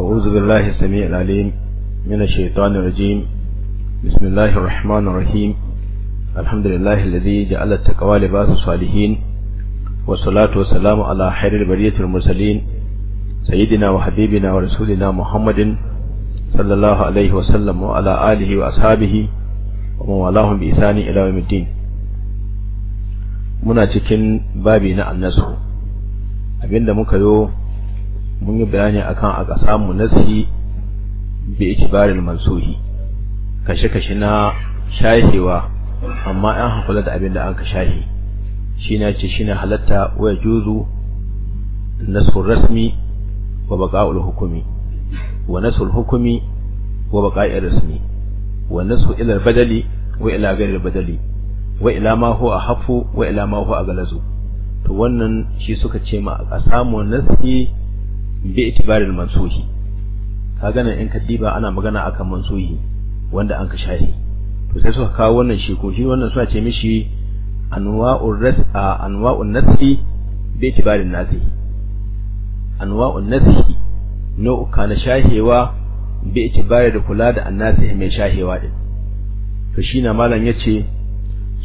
أعوذ بالله السميع العليم من الشيطان الرجيم بسم الله الرحمن الرحيم الحمد لله الذي جعل التقوى لباس الصالحين والصلاة والسلام على خير البرية المرسلين سيدنا وحبيبنا ورسولنا محمد صلى الله عليه وسلم وعلى آله وأصحابه ومن والاهم بإحسان إلى يوم الدين muna cikin babi na annasu abinda muka yo mun yi bayani akan aka samu nasi bi ikibarin mansuhi kashe-kashe na shahewa amma an hakula da abin da an ka shahi shi na ce shi na halatta waya juzu nasul rasmi wa baka'ul hukumi wa nasul hukumi wa baka'ir rasmi wa nasu ilar badali wa ila gairar badali wa ila ma a hafu wa ila ma a galazu to wannan shi suka ce ma a samu nasi bi itibaril mansuhi kaga nan in kadiba ana magana akan mansuhi wanda an ka shahi to sai suka kawo wannan shi ko shi wannan suka ce mishi anwa'ur ras'a anwa'un nasi bi itibaril nasi anwa'un nasi no kana shahewa bi itibari da kula da annasi mai shahewa din to na malam yace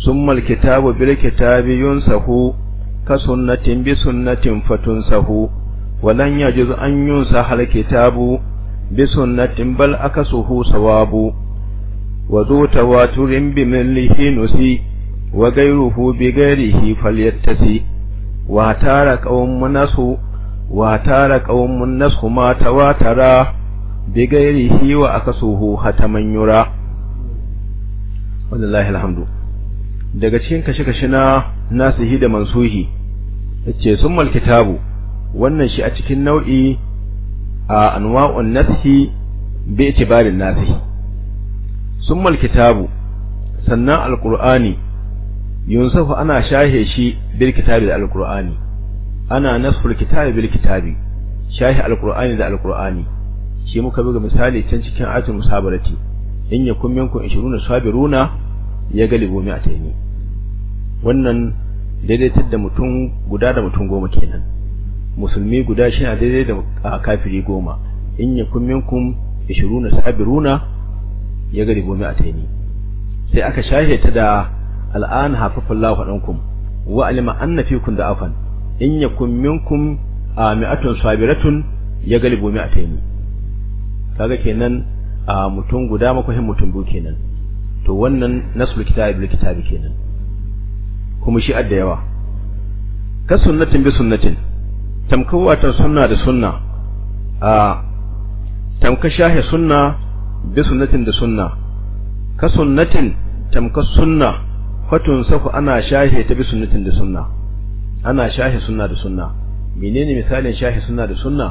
summal kitabu bil kitabi yunsahu ka sunnatin bi sunnatin fatun sahu walan yajuz an yunsa hal kitabu bi sunnatin bal akasuhu sawabu wa zu tawaturin bi millihi nusi wa gairuhu bi gairihi falyattasi wa tara qawmun nasu wa tara qawmun nasu ma tawatara bi gairihi wa akasuhu hataman yura daga cikin kashe-kashe na nasihi da mansuhi yace summal kitabu wannan shi a cikin nau'i a anwa'un nashi bi itibarin nasihi summa alkitabu sannan alqur'ani yunsafu ana shahe shi bil kitabi da alqur'ani ana nasfu kitabi bil kitabi shahe alqur'ani da alqur'ani shi muka buga misali can cikin ayatul musabarati in yakum minkum 20 sabiruna ya galibu mi'ataini wannan daidaitar da mutum guda da mutum goma kenan musulmi guda shi na daidai da kafiri goma in yakun minkum 20 sabiruna ya gari gome a taini sai aka shashe ta da al'an hafafin Allah kum wa alima kun da afan in kum a mi'atun sabiratun ya gari gome a taini kaga kenan a mutum guda makwahin mutum biyu kenan to wannan nasul kitabi bil kitabi kenan kuma shi adda yawa ka sunnatin bi sunnatin tamkar watan sunna da sunna a tamka shahe sunna bi sunnatin da sunna ka sunnatin tamka sunna fatun safu ana shahe ta bi sunnatin da sunna ana shahe sunna da sunna menene misalin shahe sunna da sunna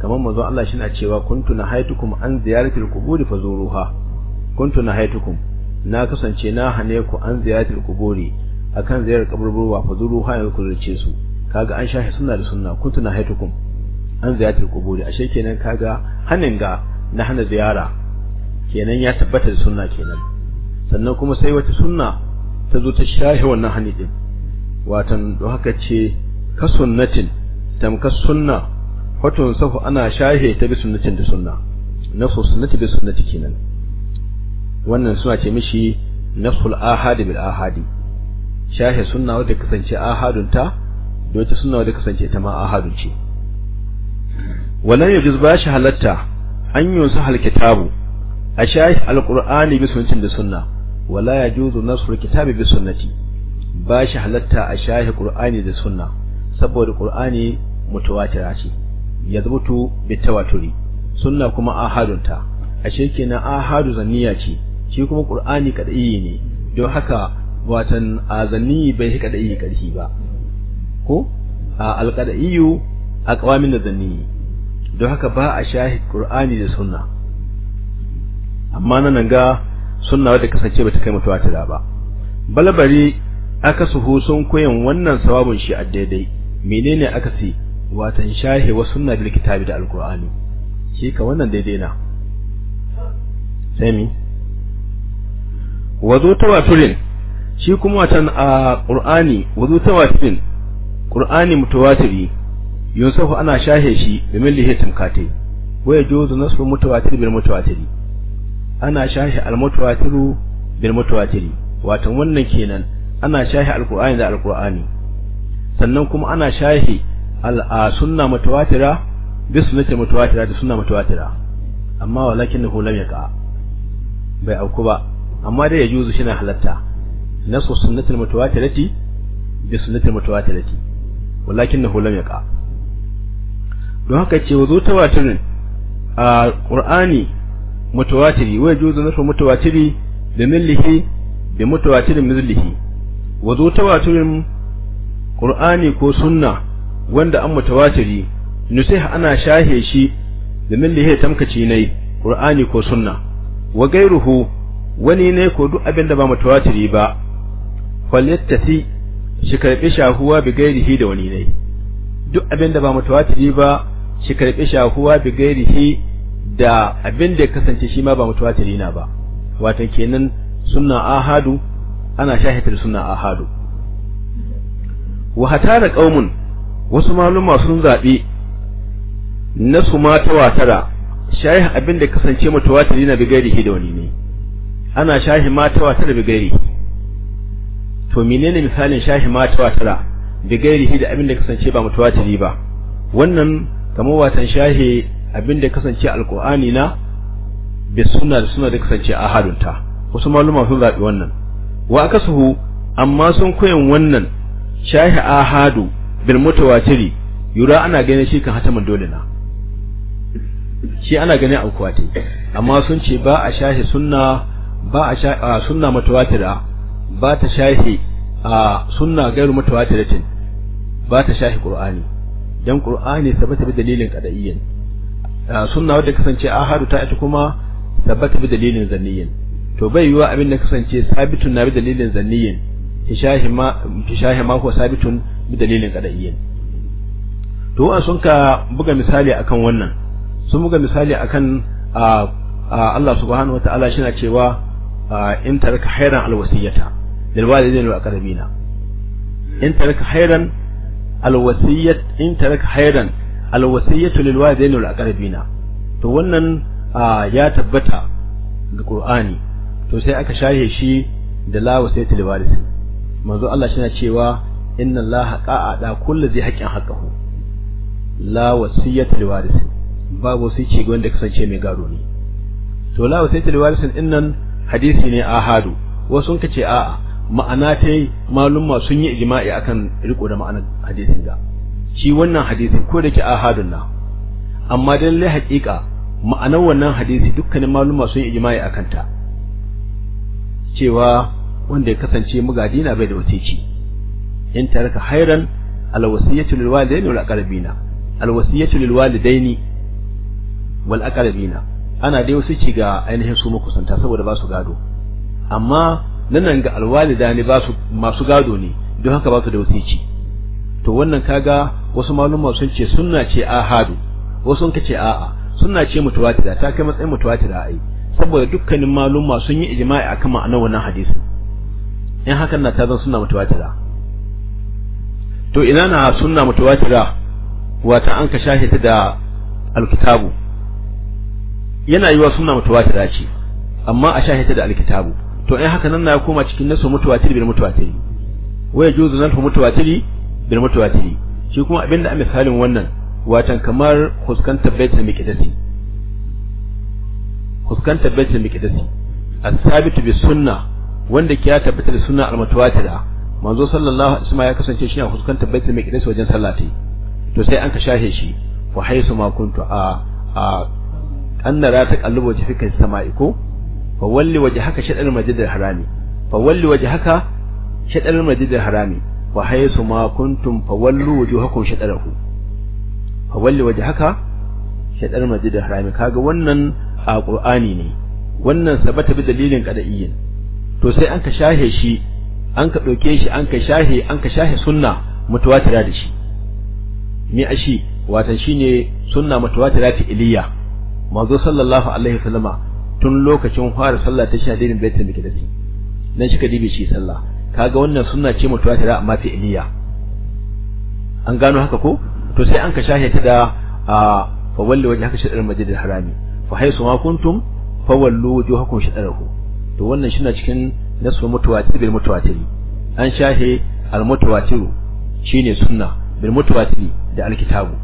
kamar manzo Allah shi na cewa kuntu nahaitukum an ziyaratil quburi fazuruha kuntu nahaitukum na kasance na hane ku an ziyaratil quburi akan ziyarar kaburburwa fazuruha yanzu ku zurce su kaga an shahi sunna da sunna kuntu na haitukum an ziyaratul quburi ashe kenan kaga hannun ga na hana ziyara kenan ya tabbata da sunna kenan sannan kuma sai wata sunna ta zo ta shahi wannan hani din watan do haka ce ka sunnatin tamka sunna hoton safu ana shahe ta bi sunnatin da sunna nafsu sunnati bi sunnati kenan wannan suna ce mishi nafsul ahadi bil ahadi shahe sunna wadda kasance ahadunta wata sunna wadda kasance ta ma ahadu ce walan yajiz ba shi halatta an yunsu hal kitabu a shayi alqur'ani bi sunnati da sunna wala ya juzu nasru kitabi bi sunnati ba shi halatta a shayi qur'ani da sunna saboda qur'ani mutawatir ce zubutu bi tawaturi sunna kuma ahadunta ashe na ahadu zanniya ce shi kuma qur'ani kadai ne don haka watan azani bai hika da yi karfi ba ko alqadaiyu da zanni don haka ba a shahid qur'ani da sunna amma nan ga sunna wadda kasance bata kai mutuwa ta ba balabari aka suhu sun koyan wannan sawabin shi a daidai menene aka ce watan shahi wa sunna bil kitabi da alqur'ani shi ka wannan daidai na sai mi wazo tawaturin shi kuma watan a qur'ani wazo tawaturin qur'ani mutawatiri yusuf ana shahe shi domin lihitin katai waya juzu nasru mutawatir bil mutawatiri ana shahe al mutawatiru bil mutawatiri wato wannan kenan ana shahe qur'ani da al qur'ani sannan kuma ana shahe al sunna mutawatira bi sunnati mutawatira da sunna mutawatira amma walakinahu lam yaqa bai auku ba amma dai ya juzu shi na halatta nasu sunnatul mutawatirati bi sunnatul mutawatirati walakinahu lam yaqa don haka ce wazo tawatirin a qur'ani mutawatiri wai juzu nasru mutawatiri da millihi da mutawatirin mizlihi wazo tawatirin qur'ani ko sunna wanda an mutawatiri sai ana shahe shi da millihi tamkaci ne qur'ani ko sunna wa gairuhu wani ne ko duk abin da ba mutawatiri ba falyattasi shi karbi shahuwa bi gairihi da wani ne duk abin da ba mutawatiri ba shi karbi shahuwa bi gairihi da abin da ya kasance shi ma ba mutawatiri na ba wato kenan sunna ahadu ana shahitar sunna ahadu wa hatara qaumun wasu maluma sun na nasu ma watara shahih abin da kasance mutawatiri na bi gairihi da wani ne ana shahi ma watara bi gairihi to menene misalin shahi ma tawatara bi gairihi da abin da kasance ba mutawatiri ba wannan kamar watan shahi abin da kasance alqur'ani na bi sunna da sunna da kasance ahadunta wasu maluma sun zabi wannan wa akasuhu amma sun koyan wannan shahi ahadu bil mutawatiri yura ana ganin shi kan hatamin dole na shi ana ganin alqur'ani amma sun ce ba a shahi sunna ba a sunna mutawatira ba ta shahi a sunna gairu mutawatiratin ba ta shahi qur'ani dan qur'ani sabata bi dalilin qada'iyyan sunna wadda kasance ahadu ta ita kuma sabata bi dalilin zanniyin to bai yiwa abin da kasance sabitun na bi dalilin zanniyin shahi ma shahi ma ko sabitun bi dalilin qada'iyyan to an sun ka buga misali akan wannan sun buga misali akan Allah subhanahu wataala shi na cewa in taraka hairan alwasiyata lil walidayni wal aqrabina in taraka khairan al wasiyyat in taraka khairan al wasiyyatu lil walidayni wal to wannan ya tabbata ga qur'ani to sai aka shahe shi da la wasiyyatul warith manzo Allah shi na cewa inna Allah qa'ada kullu zai haqqin haqqahu la wasiyyatul warith babu sai ce da kasance mai gado ne to la wasiyyatul warith din nan hadisi ne ahadu wasu sun kace a'a ma'ana ta yi malumma sun yi ijma'i akan riko da ma'anar hadisin ga shi wannan hadisi ko da ke ahadun na amma dan lai haƙiƙa ma'anar wannan hadisi dukkanin malumma sun yi jima'i akan ta cewa wanda ya kasance magadi na bai da wasici in raka hairan alwasiyatu lil walidaini wal aqrabina alwasiyatu lil walidaini wal aqrabina ana dai wasu ci ga ainihin su makusanta saboda ba su gado amma nan ga alwalida ne ba su masu gado ne don haka ba su da wasici to wannan kaga wasu malumma sun ce sunna ce ahadu wasu ka ce a'a sunna ce mutawatir ta kai matsayin a ai saboda dukkanin malumma sun yi ijma'i akan ma'anar wannan hadisi in hakan na ta zan sunna mutawatir to ina na sunna mutawatir wata an ka shahe ta da alkitabu yana wa sunna mutawatir ce amma a shahe ta da alkitabu to ai haka nan na koma cikin nasu mutawatir bil mutawatir waya juzu nan mutawatir bil mutawatir shi kuma abinda a misalin wannan watan kamar huskanta baitul miqdasi huskanta baitul miqdasi as sabit bi sunnah wanda ke ya tabbata da sunnah al mutawatir manzo sallallahu alaihi wasallam ya kasance shi a huskantar baitul maqdis wajen sallati to sai an ka shahe shi wa haythu ma kuntu a a annara ta kallubo fi fikai sama'i ko fa walli wajhaka shadal majidil harami fa walli wajhaka shadal majidil harami wa haythu ma kuntum fa wallu wujuhakum shadalahu fa walli wajhaka shadal majidil harami kaga wannan a qur'ani ne wannan sabata bi dalilin qada'iyyin to sai an ka shahe shi an ka ɗauke shi an ka shahe an ka shahe sunna mutawatira da shi me ashi watan shine sunna mutawatira ta iliya manzo sallallahu alaihi wasallama tun lokacin fara sallah ta shahadin baitul miqdis nan shi ka dibe shi sallah kaga wannan sunna ce mutawatira amma fi iliya an gano haka ko to sai an ka shahita da fa walli wajhaka shadar masjidil harami fa haythu ma kuntum fa wallu wujuhakum shadarahu to wannan shi na cikin nasu mutawatir bil mutawatir an shahe al mutawatir shine sunna bil mutawatir da alkitabu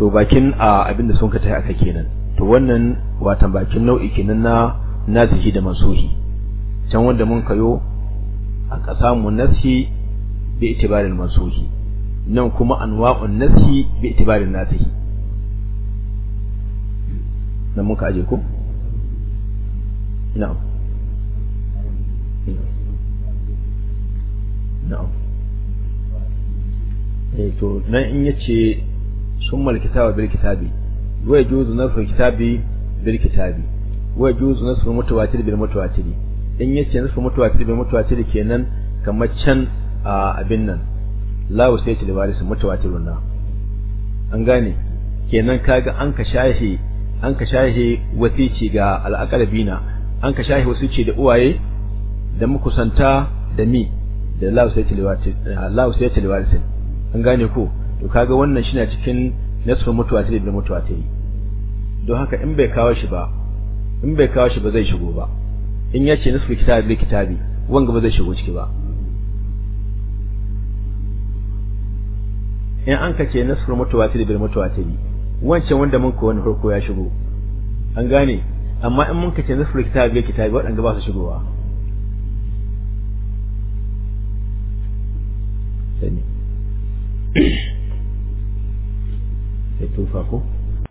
to bakin a abin da sun ka tai aka kenan to wannan watan bakin nau'i kenan na nasihi da mansuhi can wanda mun kayo a ƙasa mu nasihi bi itibarin mansuhi nan kuma anwa'un nasihi bi itibarin nasihi nan muka aje ko na'am na'am eh to nan in yace summa alkitaba bil kitabi wa yajuzu nasru kitabi bil kitabi wa yajuzu nasru mutawatir bil mutawatir in yace nasru mutawatir bil mutawatir kenan kamar can abin nan lawo sai ce libaris mutawatirun na an gane kenan kaga an ka shahi an ka shahi wasici ga al'aqrabina an ka shahi wasici da uwaye da mukusanta da mi da lawo sai ce libaris gane ko to kaga wannan shi na cikin nasfin mutuwa ta da mutuwa ta yi don haka in bai kawo shi ba in bai kawo shi ba zai shigo ba in ya ce nisfu kitabi bi kitabi wanga ba zai shigo ciki ba in an ka ce nisfu mutawatir bil mutawatir wancan wanda mun ko wani farko ya shigo an gane amma in mun ka ce nisfu kitabi bi kitabi wadanda ba su shigowa Thank you. ya tufa ko